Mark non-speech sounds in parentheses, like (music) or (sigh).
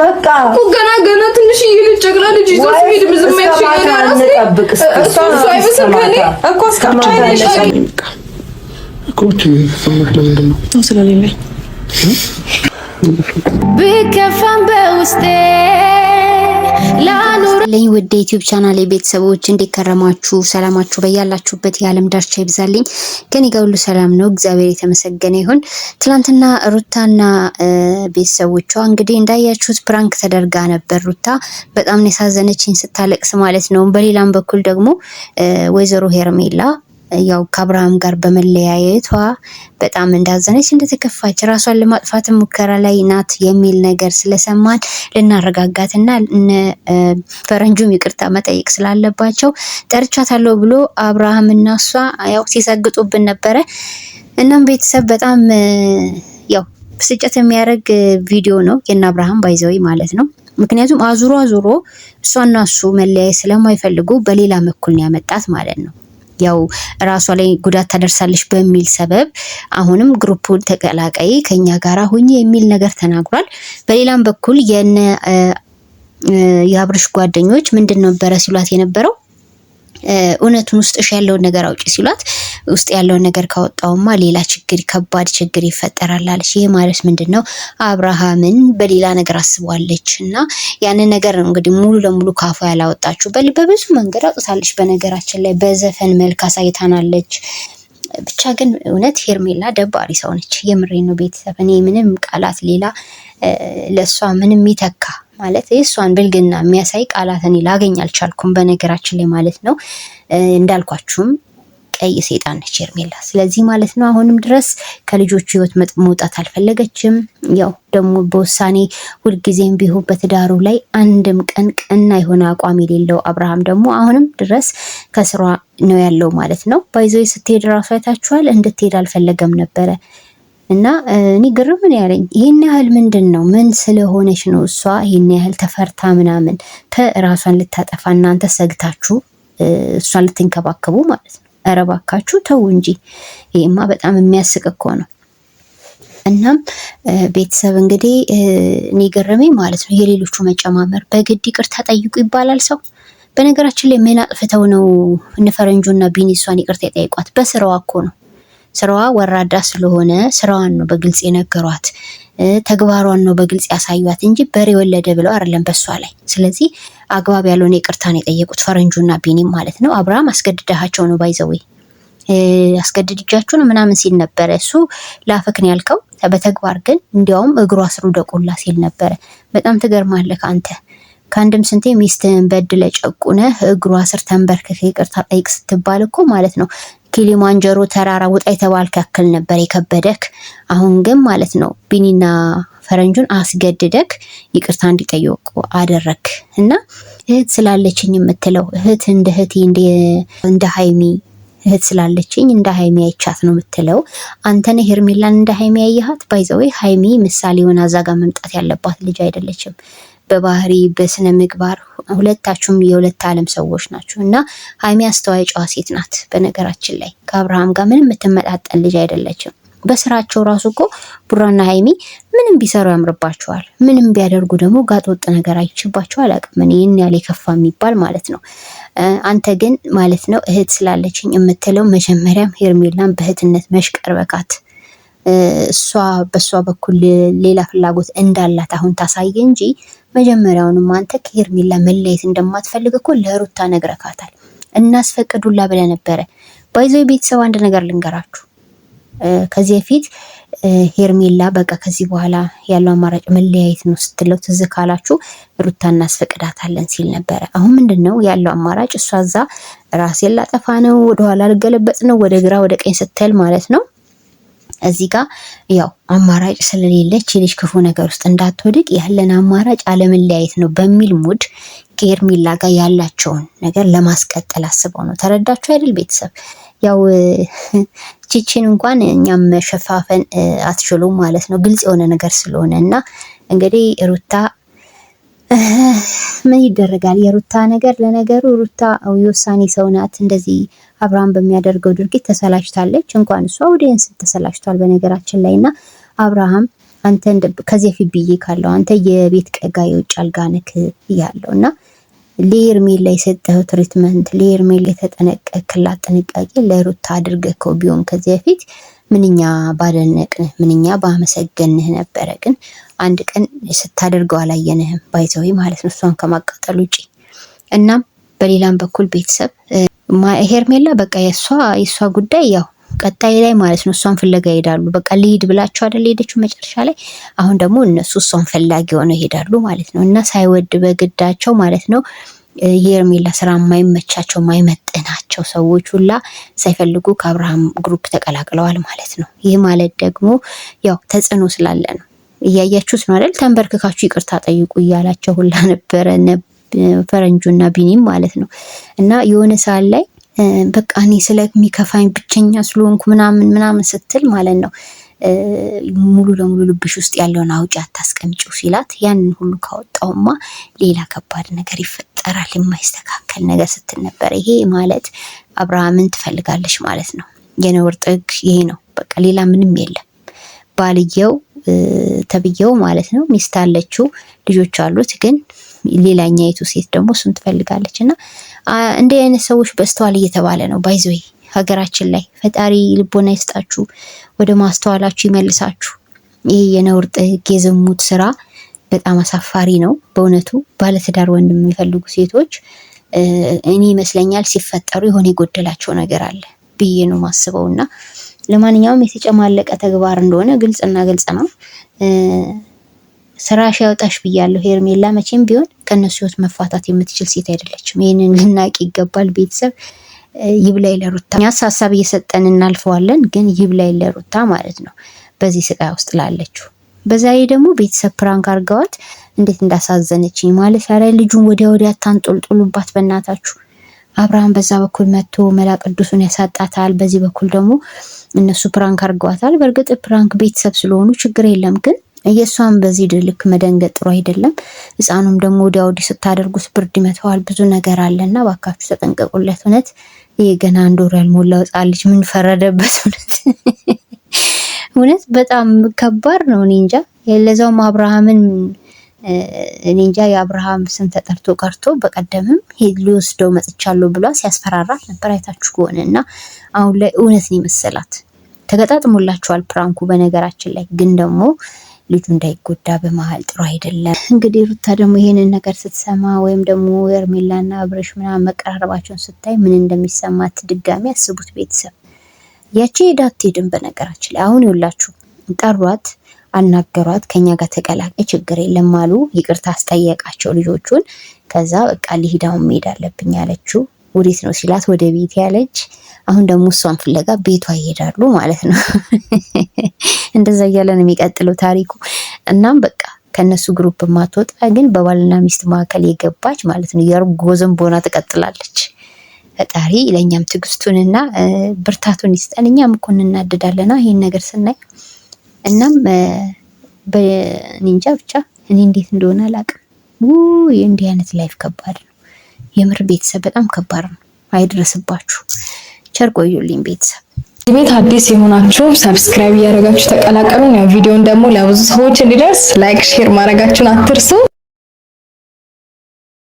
በቃ እኮ ገና ገና ትንሽ እየልጅ ጨቅላ ልጅ ይዞ ሲሄድ ምዝም አይችልም። ያለ ጠብቅ እሱ በውስጤ ይስጥልኝ ውድ ዩቲዩብ ቻናል ቤተሰቦች እንዴት ከረማችሁ? ሰላማችሁ በያላችሁበት የዓለም ዳርቻ ይብዛልኝ። ከኔ ጋር ሁሉ ሰላም ነው፣ እግዚአብሔር የተመሰገነ ይሁን። ትላንትና ሩታና ቤተሰቦቿ እንግዲህ እንዳያችሁት ፕራንክ ተደርጋ ነበር። ሩታ በጣም ነው ያሳዘነችኝ ስታለቅስ ማለት ነው። በሌላም በኩል ደግሞ ወይዘሮ ሄርሜላ ያው ከአብርሃም ጋር በመለያየቷ በጣም እንዳዘነች እንደተከፋች ራሷን ለማጥፋት ሙከራ ላይ ናት የሚል ነገር ስለሰማን ልናረጋጋትና ፈረንጁም ይቅርታ መጠየቅ ስላለባቸው ጠርቻታለሁ ብሎ አብርሃም እና እሷ ያው ሲሰግጡብን ነበረ። እናም ቤተሰብ በጣም ያው ብስጭት የሚያደርግ ቪዲዮ ነው የእነ አብርሃም ባይዘዊ ማለት ነው። ምክንያቱም አዙሮ አዙሮ እሷና እሱ መለያየት ስለማይፈልጉ በሌላ በኩል ነው ያመጣት ማለት ነው። ያው ራሷ ላይ ጉዳት ታደርሳለች በሚል ሰበብ አሁንም ግሩፑን ተቀላቀይ ከኛ ጋር ሁኚ የሚል ነገር ተናግሯል። በሌላም በኩል የነ የአብርሽ ጓደኞች ምንድን ነበረ ሲሏት የነበረው እውነቱን ውስጥሽ ያለውን ነገር አውጪ ሲሏት ውስጥ ያለው ነገር ካወጣውማ ሌላ ችግር ከባድ ችግር ይፈጠራል አለች። ይህ ማለት ምንድን ነው? አብርሃምን በሌላ ነገር አስቧለች እና ያንን ነገር ነው እንግዲህ ሙሉ ለሙሉ ካፏ ያላወጣችሁ። በብዙ መንገድ አውጥታለች። በነገራችን ላይ በዘፈን መልክ አሳይታናለች። ብቻ ግን እውነት ሄርሜላ ደባሪ ሰው ነች። የምሬ ነው ቤተሰብ። እኔ ምንም ቃላት ሌላ ለእሷ ምንም ይተካ ማለት የእሷን ብልግና የሚያሳይ ቃላት እኔ ላገኝ አልቻልኩም። በነገራችን ላይ ማለት ነው እንዳልኳችሁም ቀይ ሰይጣን ነች ሄርሜላ። ስለዚህ ማለት ነው አሁንም ድረስ ከልጆቹ ህይወት መውጣት አልፈለገችም። ያው ደግሞ በውሳኔ ሁልጊዜም ቢሆን በትዳሩ ላይ አንድም ቀን ቀና የሆነ አቋም የሌለው አብርሃም ደግሞ አሁንም ድረስ ከስሯ ነው ያለው ማለት ነው። ባይዘ ስትሄድ ራሱ አይታችኋል። እንድትሄድ አልፈለገም ነበረ እና እኔ ግርም ነው ያለኝ ይህን ያህል ምንድን ነው? ምን ስለሆነች ነው እሷ ይህን ያህል ተፈርታ ምናምን ከራሷን ልታጠፋ እናንተ ሰግታችሁ እሷን ልትንከባከቡ ማለት ነው። ኧረ እባካችሁ ተው እንጂ ይሄማ በጣም የሚያስቅ እኮ ነው። እናም ቤተሰብ እንግዲህ እኔ ገረመኝ ማለት ነው የሌሎቹ መጨማመር። በግድ ይቅርታ ጠይቁ ይባላል ሰው። በነገራችን ላይ ምን አጥፍተው ነው እነፈረንጁና ቢኒሷን ይቅርታ የጠይቋት? በስራዋ እኮ ነው። ስራዋ ወራዳ ስለሆነ ስራዋን ነው በግልጽ የነገሯት፣ ተግባሯን ነው በግልጽ ያሳዩት እንጂ በሬ ወለደ ብለው አይደለም በሷ ላይ ስለዚህ አግባብ ያልሆነ ይቅርታን የጠየቁት ፈረንጁና ቢኒም ማለት ነው። አብርሃም አስገድዳቸው ነው ባይዘዌ አስገድድጃችሁን ምናምን ሲል ነበረ። እሱ ላፈክን ያልከው በተግባር ግን እንዲያውም እግሯ አስሩ ደቆላ ሲል ነበረ። በጣም ትገርማለህ አንተ። ከአንድም ስንቴ ሚስትህን በድለ ጨቁነ እግሩ አስር ተንበርክክ ይቅርታ ጠይቅ ስትባል እኮ ማለት ነው ኪሊማንጀሮ ተራራ ውጣ የተባልክ ያክል ነበር የከበደክ። አሁን ግን ማለት ነው ቢኒና ፈረንጁን አስገድደክ ይቅርታ እንዲጠየቁ አደረክ እና እህት ስላለችኝ የምትለው እህት እንደ እህቴ እንደ ሀይሚ እህት ስላለችኝ እንደ ሀይሚ አይቻት ነው የምትለው። አንተነ ሄርሜላን እንደ ሀይሚ ያየሃት ባይዘዌ ሀይሚ ምሳሌ የሆነ አዛጋ መምጣት ያለባት ልጅ አይደለችም። በባህሪ በስነ ምግባር ሁለታችሁም የሁለት ዓለም ሰዎች ናችሁ እና ሀይሚ አስተዋይ ጨዋ ሴት ናት። በነገራችን ላይ ከአብርሃም ጋር ምንም የምትመጣጠን ልጅ አይደለችም። በስራቸው ራሱ እኮ ቡራና ሀይሚ ምንም ቢሰሩ ያምርባቸዋል። ምንም ቢያደርጉ ደግሞ ጋጥ ነገር አይችባቸው አላውቅም። ይህን ያለ የከፋ የሚባል ማለት ነው። አንተ ግን ማለት ነው እህት ስላለችኝ የምትለው መጀመሪያም ሄርሜላን በእህትነት መሽቀር በቃት እሷ በእሷ በኩል ሌላ ፍላጎት እንዳላት አሁን ታሳየ እንጂ መጀመሪያውንም አንተ ከሄርሜላ መለየት እንደማትፈልግ እኮ ለሩታ ነግረካታል። እናስፈቅዱላ ብለ ነበረ። ባይዘው ቤተሰብ አንድ ነገር ልንገራችሁ ከዚህ በፊት ሄርሜላ በቃ ከዚህ በኋላ ያለው አማራጭ መለያየት ነው ስትለው ትዝ ካላችሁ ሩታ እናስፈቅዳታለን ሲል ነበረ። አሁን ምንድን ነው ያለው አማራጭ? እሷ እዛ ራሴን ላጠፋ ነው፣ ወደኋላ ልገለበጥ ነው፣ ወደ ግራ ወደ ቀኝ ስትል ማለት ነው። እዚህ ጋር ያው አማራጭ ስለሌለች የልጅ ክፉ ነገር ውስጥ እንዳትወድቅ ያለን አማራጭ አለመለያየት ነው በሚል ሙድ ከሄርሜላ ጋር ያላቸውን ነገር ለማስቀጠል አስበው ነው። ተረዳችሁ አይደል ቤተሰብ ያው ችችን እንኳን እኛም መሸፋፈን አትችሉም ማለት ነው፣ ግልጽ የሆነ ነገር ስለሆነ እና እንግዲህ ሩታ ምን ይደረጋል። የሩታ ነገር ለነገሩ ሩታ የውሳኔ ሰው ናት። እንደዚህ አብርሃም በሚያደርገው ድርጊት ተሰላችታለች። እንኳን እሷ ኦዲየንስ ተሰላችቷል። በነገራችን ላይ እና አብርሃም አንተ ከዚህ ፊት ብዬ ካለው አንተ የቤት ቀጋ የውጭ አልጋ ነክ እያለው እና ለሄርሜላ የሰጠው ትሪትመንት ለሄርሜላ የተጠነቀቅላት ጥንቃቄ ለሩታ አድርገከው ቢሆን ከዚህ በፊት ምንኛ ባደነቅንህ ምንኛ ባመሰገንህ ነበረ። ግን አንድ ቀን ስታደርገው አላየንህም፣ ባይዘዊ ማለት ነው እሷን ከማቃጠል ውጪ። እናም በሌላም በኩል ቤተሰብ ሄርሜላ በቃ የእሷ ጉዳይ ያው ቀጣይ ላይ ማለት ነው እሷን ፍለጋ ይሄዳሉ። በቃ ልሂድ ብላቸው አደል ሄደችው መጨረሻ ላይ። አሁን ደግሞ እነሱ እሷን ፈላጊ ሆነው ይሄዳሉ ማለት ነው። እና ሳይወድ በግዳቸው ማለት ነው የሄርሜላ ስራ የማይመቻቸው የማይመጥናቸው ሰዎች ሁላ ሳይፈልጉ ከአብርሃም ግሩፕ ተቀላቅለዋል ማለት ነው። ይህ ማለት ደግሞ ያው ተጽዕኖ ስላለ ነው። እያያችሁት ነው አደል? ተንበርክካችሁ ይቅርታ ጠይቁ እያላቸው ሁላ ነበረ ፈረንጁና ቢኒም ማለት ነው እና የሆነ ሰዓት ላይ በቃ እኔ ስለሚከፋኝ ብቸኛ ስለሆንኩ ምናምን ምናምን ስትል ማለት ነው ሙሉ ለሙሉ ልብሽ ውስጥ ያለውን አውጪ አታስቀምጪው ሲላት ያንን ሁሉ ካወጣውማ ሌላ ከባድ ነገር ይፈጠራል፣ የማይስተካከል ነገር ስትል ነበር። ይሄ ማለት አብርሃምን ትፈልጋለች ማለት ነው። የነውር ጥግ ይሄ ነው። በቃ ሌላ ምንም የለም። ባልየው ተብየው ማለት ነው ሚስት አለችው፣ ልጆች አሉት ግን ሌላኛይቱ ሴት ደግሞ እሱን ትፈልጋለች። እና እንዲህ አይነት ሰዎች በስተዋል እየተባለ ነው ባይዘይ ሀገራችን ላይ ፈጣሪ ልቦና ይስጣችሁ፣ ወደ ማስተዋላችሁ ይመልሳችሁ። ይህ የነውር ጥግ የዝሙት ስራ በጣም አሳፋሪ ነው በእውነቱ። ባለትዳር ወንድ የሚፈልጉ ሴቶች እኔ ይመስለኛል ሲፈጠሩ የሆነ የጎደላቸው ነገር አለ ብዬ ነው ማስበው እና ለማንኛውም የተጨማለቀ ተግባር እንደሆነ ግልጽና ግልጽ ነው። ስራሽ ያውጣሽ ብያለሁ። ሄርሜላ መቼም ቢሆን ከእነሱ ህይወት መፋታት የምትችል ሴት አይደለችም። ይህንን ልናቅ ይገባል። ቤተሰብ ይብላይ ለሩታ እኛስ ሀሳብ እየሰጠን እናልፈዋለን፣ ግን ይብላይ ለሩታ ማለት ነው በዚህ ስቃይ ውስጥ ላለችው። በዛሬ ደግሞ ቤተሰብ ፕራንክ አርገዋት እንዴት እንዳሳዘነችኝ ማለት ላይ ልጁን ወዲያ ወዲያ ታንጦልጦሉባት በእናታችሁ። አብርሃም በዛ በኩል መጥቶ መላ ቅዱሱን ያሳጣታል፣ በዚህ በኩል ደግሞ እነሱ ፕራንክ አርገዋታል። በእርግጥ ፕራንክ ቤተሰብ ስለሆኑ ችግር የለም ግን የእሷም በዚህ ልክ መደንገጥ ጥሩ አይደለም። ህፃኑም ደግሞ ወዲያ ወዲህ ስታደርጉት ብርድ ይመታዋል። ብዙ ነገር አለና ባካችሁ ተጠንቀቁለት። እውነት ይህ ገና አንድ ወር ያልሞላው ህፃን ልጅ ምን ፈረደበት? እውነት (laughs) እውነት በጣም ከባድ ነው። እኔ እንጃ ለዛውም አብርሃምን እኔ እንጃ የአብርሃም ስም ተጠርቶ ቀርቶ በቀደምም ሄድ ሊወስደው መጥቻለሁ ብሏ ሲያስፈራራት ነበር አይታችሁ ከሆነ እና አሁን ላይ እውነት ነው የመሰላት ተገጣጥሞላችኋል ፕራንኩ በነገራችን ላይ ግን ደግሞ ልጁ እንዳይጎዳ በመሀል ጥሩ አይደለም። እንግዲህ ሩታ ደግሞ ይሄንን ነገር ስትሰማ ወይም ደግሞ ሄርሜላና አብርሽ ምናምን መቀራረባቸውን ስታይ ምን እንደሚሰማት ድጋሚ አስቡት። ቤተሰብ ያቺ ሄዳ አትሄድም። በነገራችን ላይ አሁን ይውላችሁ ጠሯት፣ አናገሯት፣ ከኛ ጋር ተቀላቀ ችግር የለም አሉ። ይቅርታ አስጠየቃቸው ልጆቹን። ከዛ በቃ ሊሄዳውን መሄድ አለብኝ አለችው። ወዴት ነው ሲላት ወደ ቤት ያለች። አሁን ደግሞ እሷን ፍለጋ ቤቷ ይሄዳሉ ማለት ነው። (laughs) እንደዛ እያለ ነው የሚቀጥለው ታሪኩ። እናም በቃ ከእነሱ ግሩፕ ማትወጣ ግን በባልና ሚስት መካከል የገባች ማለት ነው። የእርጎ ዘንቦና ትቀጥላለች። ፈጣሪ ለእኛም ትግስቱንና ብርታቱን ይስጠን። እኛም እኮ እንናደዳለና ይህን ነገር ስናይ እናም በኒንጃ ብቻ እኔ እንዴት እንደሆነ አላቅም። ውይ እንዲህ አይነት ላይፍ ከባድ ነው። የምር ቤተሰብ በጣም ከባድ ነው። አይድረስባችሁ። ቸር ቆዩልኝ ቤተሰብ። ቤት አዲስ የሆናችሁ ሰብስክራይብ እያደረጋችሁ ተቀላቀሉን። ያው ቪዲዮን ደግሞ ለብዙ ሰዎች እንዲደርስ ላይክ፣ ሼር ማድረጋችሁን አትርሱ።